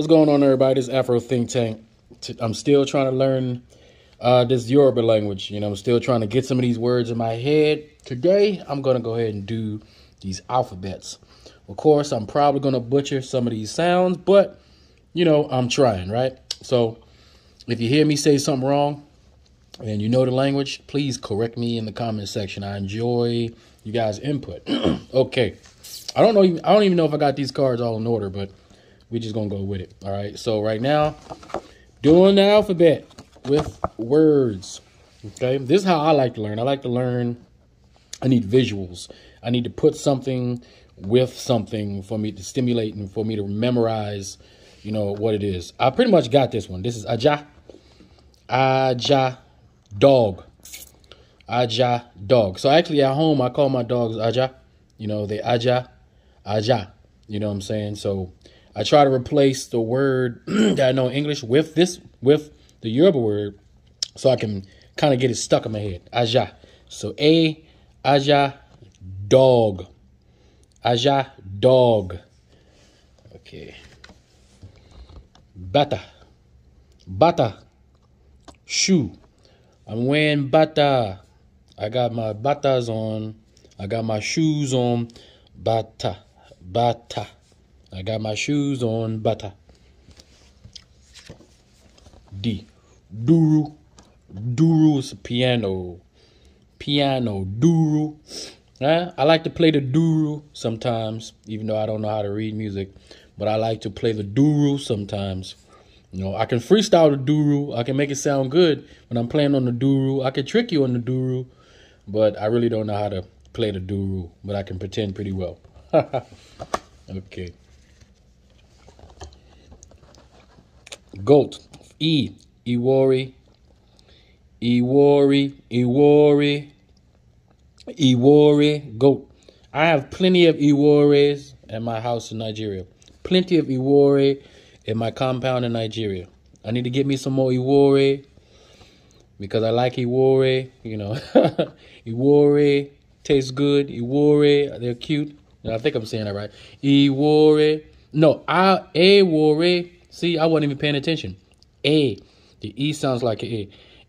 What's going on, everybody? This Afro Think Tank. I'm still trying to learn uh, this Yoruba language. You know, I'm still trying to get some of these words in my head. Today, I'm going to go ahead and do these alphabets. Of course, I'm probably going to butcher some of these sounds, but, you know, I'm trying, right? So, if you hear me say something wrong and you know the language, please correct me in the comment section. I enjoy you guys' input. okay. I don't know. I don't even know if I got these cards all in order, but we just gonna go with it. All right. So right now, doing the alphabet with words. Okay. This is how I like to learn. I like to learn. I need visuals. I need to put something with something for me to stimulate and for me to memorize. You know what it is. I pretty much got this one. This is Aja. Aja dog. Aja dog. So actually at home I call my dogs Aja. You know, they Aja. Aja. You know what I'm saying? So I try to replace the word that I know in English with this with the Yoruba word, so I can kind of get it stuck in my head. Aja. So a aja dog. Aja dog. Okay. Bata. Bata. Shoe. I'm wearing bata. I got my batas on. I got my shoes on. Bata. Bata. I got my shoes on butter. D. Duru. Duru's piano. Piano. Duru. Eh? I like to play the duru sometimes, even though I don't know how to read music. But I like to play the duru sometimes. You know, I can freestyle the duru. I can make it sound good when I'm playing on the duru. I can trick you on the duru. But I really don't know how to play the duru. But I can pretend pretty well. okay. goat E, Iwori, Iwori, Iwori, Iwori, goat. I have plenty of Iworis at my house in Nigeria. Plenty of Iwori in my compound in Nigeria. I need to get me some more Iwori because I like Iwori, you know. Iwori tastes good. Iwori, they're cute. I think I'm saying that right. Iwori. No, I Iwori See, I wasn't even paying attention. A. The E sounds like an A.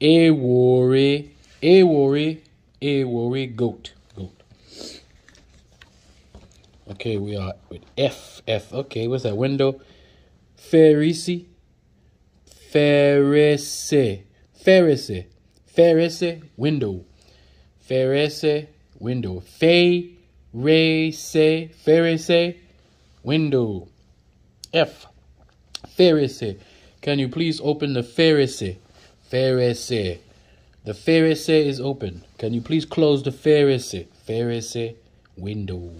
A worry. A worry. A worry. Goat. Goat. Okay, we are with F. F. Okay, what's that? Window. Pharisee. Pharisee. Pharisee. Pharisee. Window. Pharisee. Window. Pharisee. Pharisee. Window. F. Pharisee. Can you please open the Pharisee? Pharisee. The Pharisee is open. Can you please close the Pharisee? Pharisee window.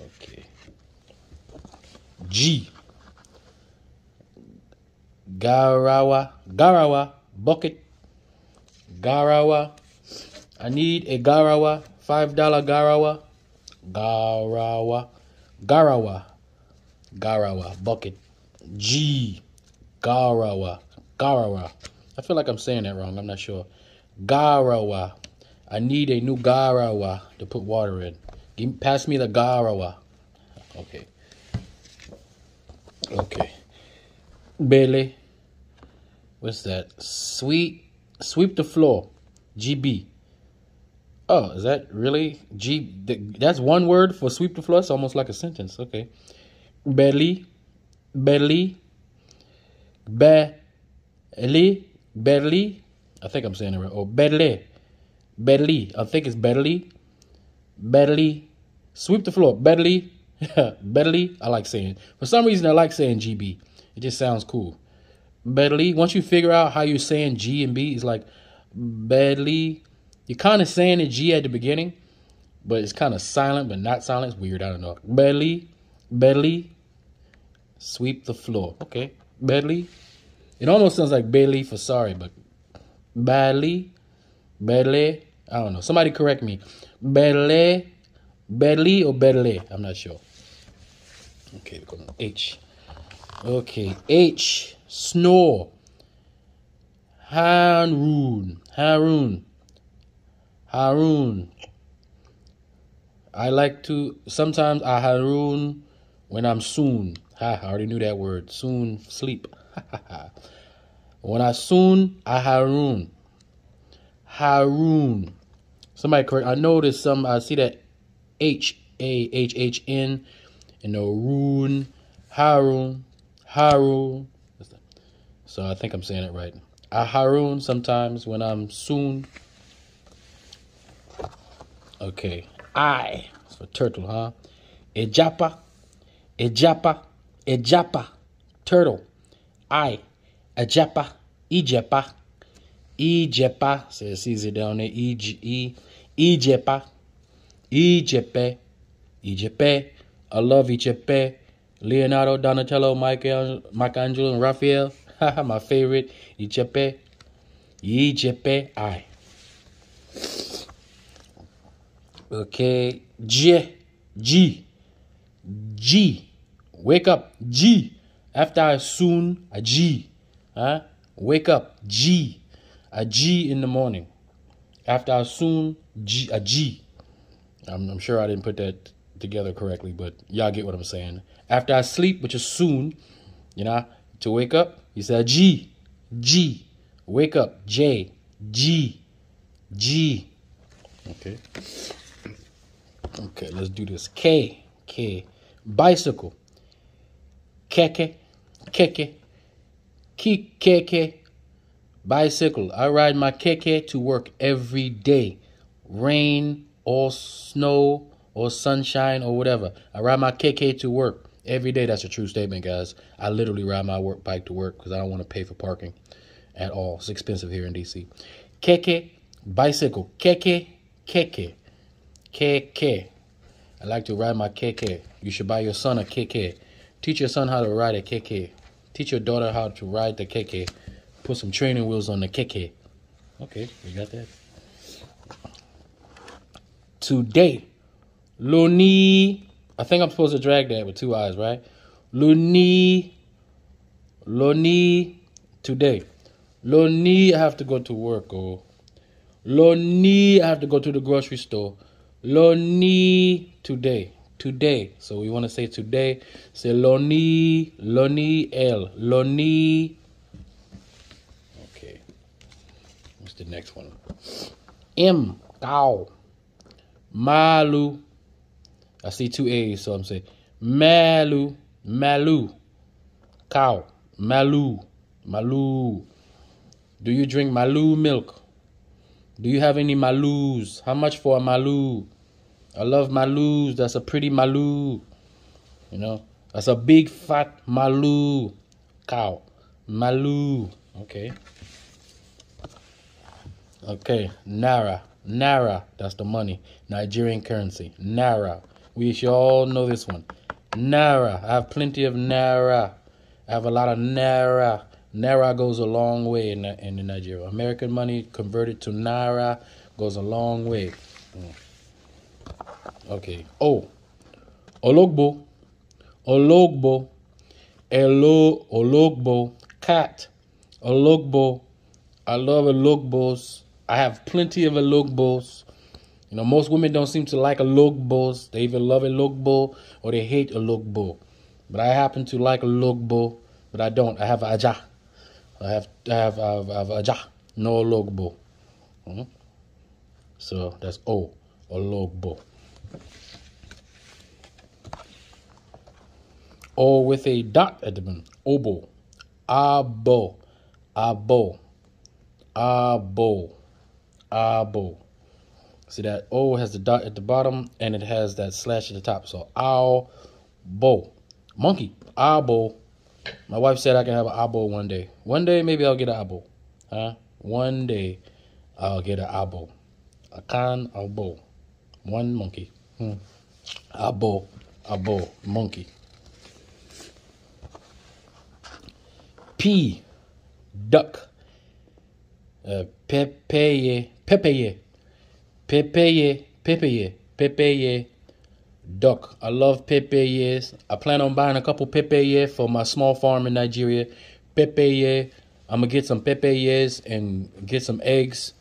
Okay. G. Garawa. Garawa bucket. Garawa. I need a Garawa. $5 Garawa. Garawa. Garawa. Garawa bucket. G. Garawa. Garawa. I feel like I'm saying that wrong. I'm not sure. Garawa. I need a new Garawa to put water in. Give, pass me the Garawa. Okay. Okay. Bailey. What's that? Sweep. Sweep the floor. GB. Oh, is that really? G. That's one word for sweep the floor? It's almost like a sentence. Okay. Belly. Berli, Berli, Berli. I think I'm saying it right. oh, Berli, Berli. I think it's Berli, Berli. Sweep the floor, Berli, Berli. I like saying. It. For some reason, I like saying GB. It just sounds cool. Berli. Once you figure out how you're saying G and B, it's like Berli. You're kind of saying a G at the beginning, but it's kind of silent, but not silent. It's weird. I don't know. Berli, Berli. Sweep the floor. Okay. Badly. It almost sounds like Bailey for sorry, but Badly. Badly. I don't know. Somebody correct me. Badly. Badly or Badly. I'm not sure. Okay, we're going H. Okay. H. Snore. Harun. Harun. Harun. I like to sometimes I Harun when I'm soon. Ha, I already knew that word. Soon sleep. when I soon, I Harun. Harun. Somebody correct. I noticed some, I see that H A H H N and the Rune. Harun. Harun. So I think I'm saying it right. I Harun sometimes when I'm soon. Okay. I. It's for turtle, huh? Ejapa. Ejapa. Ejapa, turtle. I, Ejapa, ejapa, ejapa. so it's easy down there. E, ejapa, Ejepe, Ejepe. I love Ejepe. Leonardo, Donatello, Michael, Michelangelo, and Raphael. My favorite, Ejepe, Ejepe, I. Okay, J, G, G. Wake up, G. After soon, a G. Huh? Wake up, G. A G in the morning. After soon, G. A G. I'm, I'm sure I didn't put that together correctly, but y'all get what I'm saying. After I sleep, which is soon, you know, to wake up, you say G, G, wake up, J, G, G. Okay. Okay, let's do this. K, K, bicycle keke, keke, keke, bicycle. I ride my keke to work every day, rain or snow or sunshine or whatever. I ride my keke to work every day. That's a true statement, guys. I literally ride my work bike to work because I don't want to pay for parking at all. It's expensive here in DC. Keke, bicycle. Keke, keke, keke. I like to ride my keke. You should buy your son a keke. Teach your son how to ride a KK. Teach your daughter how to ride the KK. Put some training wheels on the KK. Okay, we got that. Today, Loni. I think I'm supposed to drag that with two eyes, right? Loni. Loni. Today. Loni, I have to go to work. Oh. Loni, I have to go to the grocery store. Loni, today today. So we want to say today. Say loni, loni el, loni. Okay. What's the next one? M cow, malu. I see two A's, so I'm saying malu, malu, cow, malu, malu. Do you drink malu milk? Do you have any malus? How much for a malu? I love malus. That's a pretty malu, You know, that's a big fat malu cow. Malu, Okay. Okay. Naira. Naira. That's the money. Nigerian currency. Naira. We should all know this one. Naira. I have plenty of Naira. I have a lot of Naira. Naira goes a long way in, in Nigeria. American money converted to Naira goes a long way. Mm. Okay. Oh, ologbo, ologbo, a ologbo, cat, ologbo. I love ologbos. I have plenty of ologbos. You know, most women don't seem to like ologbos. They even love ologbo or they hate ologbo. But I happen to like ologbo, but I don't. I have aja. I have I have I have, I have aja. No ologbo. Mm -hmm. So that's O ologbo or with a dot at the end. Obo, abo, abo, abo, abo. See that O has the dot at the bottom and it has that slash at the top. So owl, bo, monkey, abo. My wife said I can have an abo one day. One day maybe I'll get an abo, huh? One day I'll get an abo, a can abo, one monkey. Hmm. Abo, abo, monkey. P, duck. Uh, pepeye, pepeye, pepeye, pepeye, pepeye, duck. I love pepeyes. I plan on buying a couple pepeye for my small farm in Nigeria. Pepeye. I'm gonna get some pepeyes and get some eggs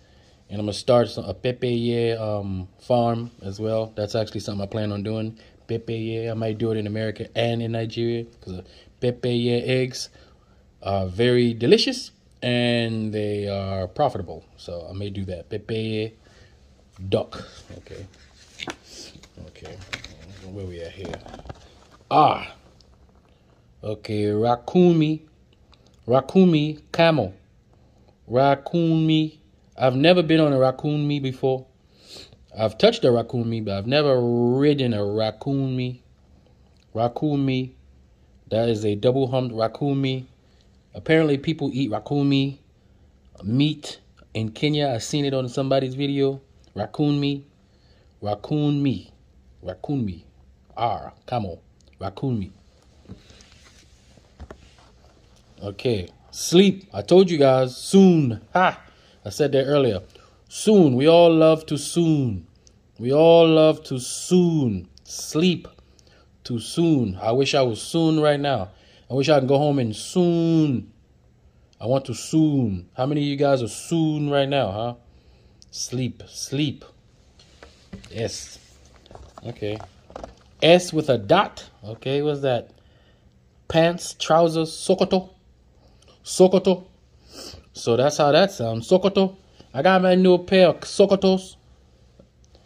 and I'm going to start some, a pepeye um, farm as well. That's actually something I plan on doing. Pepeye, I might do it in America and in Nigeria. Because uh, pepeye eggs are very delicious and they are profitable. So I may do that. Pepeye duck. Okay. Okay. Where we at here? Ah. Okay. Rakumi. Rakumi camel. Rakumi I've never been on a raccoon me before. I've touched a raccoon me, but I've never ridden a raccoon me. Raccoon me. That is a double humped raccoon me. Apparently, people eat raccoon me meat in Kenya. I have seen it on somebody's video. Raccoon me. Raccoon me. Raccoon me. R. Camel. Raccoon me. Okay. Sleep. I told you guys soon. Ha. I said that earlier. Soon. We all love to soon. We all love to soon sleep. Too soon. I wish I was soon right now. I wish I could go home and soon. I want to soon. How many of you guys are soon right now, huh? Sleep. Sleep. S. Okay. S with a dot. Okay, what's that? Pants, trousers, sokoto. Sokoto. So that's how that sounds. Sokoto. I got my new pair of Sokotos.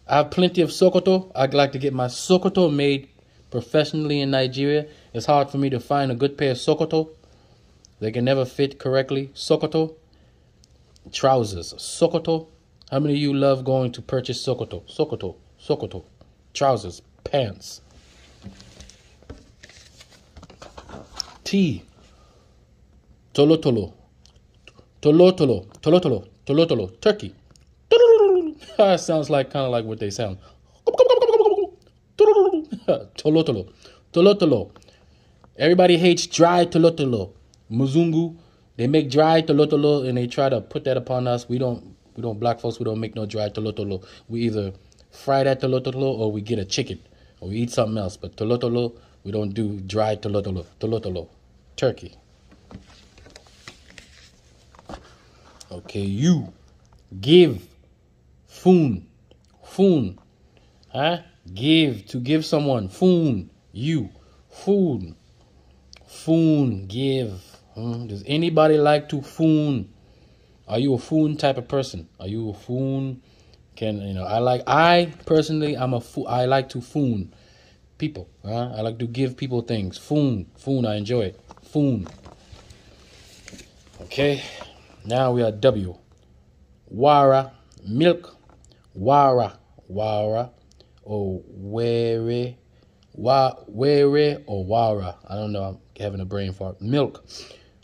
I have plenty of Sokoto. I'd like to get my Sokoto made professionally in Nigeria. It's hard for me to find a good pair of Sokoto. They can never fit correctly. Sokoto. Trousers. Sokoto. How many of you love going to purchase Sokoto? Sokoto. Sokoto. Trousers. Pants. Tea. Tolo Tolo. Tolotolo, tolotolo, tolotolo, turkey. sounds like kind of like what they sound. Tolotolo, tolotolo. Everybody hates dry tolotolo. Muzungu, they make dry tolotolo and they try to put that upon us. We don't, we don't black folks. We don't make no dry tolotolo. We either fry that tolotolo or we get a chicken or we eat something else. But tolotolo, we don't do dry tolotolo. Tolotolo, turkey. Okay, you give phone phone huh give to give someone phone you phone phone give hmm? does anybody like to phone are you a phone type of person are you a phone can you know i like i personally i'm a fool i like to phone people huh? i like to give people things phone phone i enjoy it phone okay now we are W. Wara, milk. Wara, wara, or were, wa, were, or wara. I don't know. I'm having a brain fart. Milk.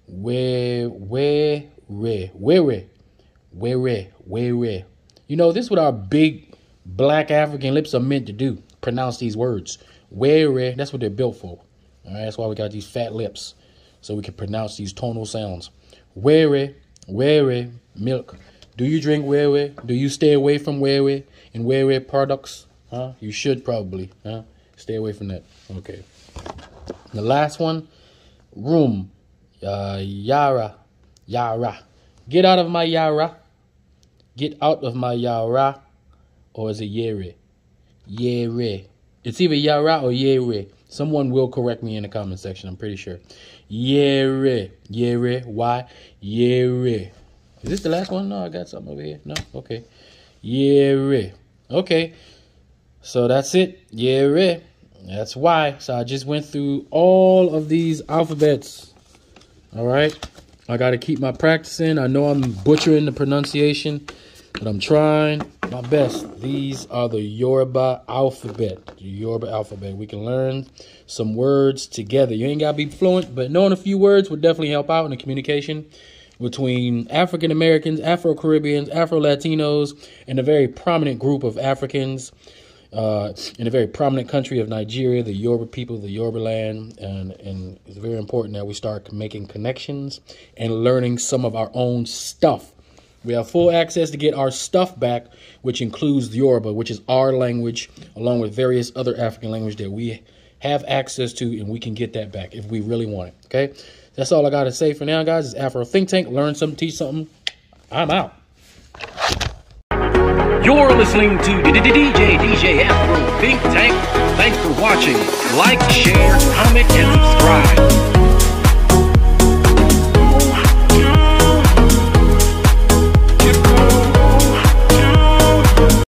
Where, where, where, where, where, You know, this is what our big black African lips are meant to do. Pronounce these words. Where, that's what they're built for. All right, that's why we got these fat lips, so we can pronounce these tonal sounds. Where, Wewe milk. Do you drink Wewe? Do you stay away from Wewe and Wewe products? Huh? You should probably. Huh? Stay away from that. Okay. The last one, room. Uh, yara. Yara. Get out of my Yara. Get out of my Yara. Or is it Yere? Yere. It's either Yara or Yere. Someone will correct me in the comment section, I'm pretty sure. Yere. Yere. Why? Yere. Is this the last one? No, I got something over here. No? Okay. Yere. Okay. So that's it. Yere. That's why. So I just went through all of these alphabets. All right. I got to keep my practicing. I know I'm butchering the pronunciation but I'm trying my best. These are the Yoruba alphabet. The Yoruba alphabet. We can learn some words together. You ain't got to be fluent, but knowing a few words would definitely help out in the communication between African Americans, Afro Caribbeans, Afro Latinos, and a very prominent group of Africans uh, in a very prominent country of Nigeria, the Yoruba people, the Yoruba land, and, and it's very important that we start making connections and learning some of our own stuff we have full access to get our stuff back, which includes Yoruba, which is our language, along with various other African languages that we have access to, and we can get that back if we really want it. Okay, that's all I got to say for now, guys. It's Afro Think Tank. Learn something, teach something. I'm out. You're listening to DJ DJ Afro Think Tank. Thanks for watching. Like, share, comment, and subscribe.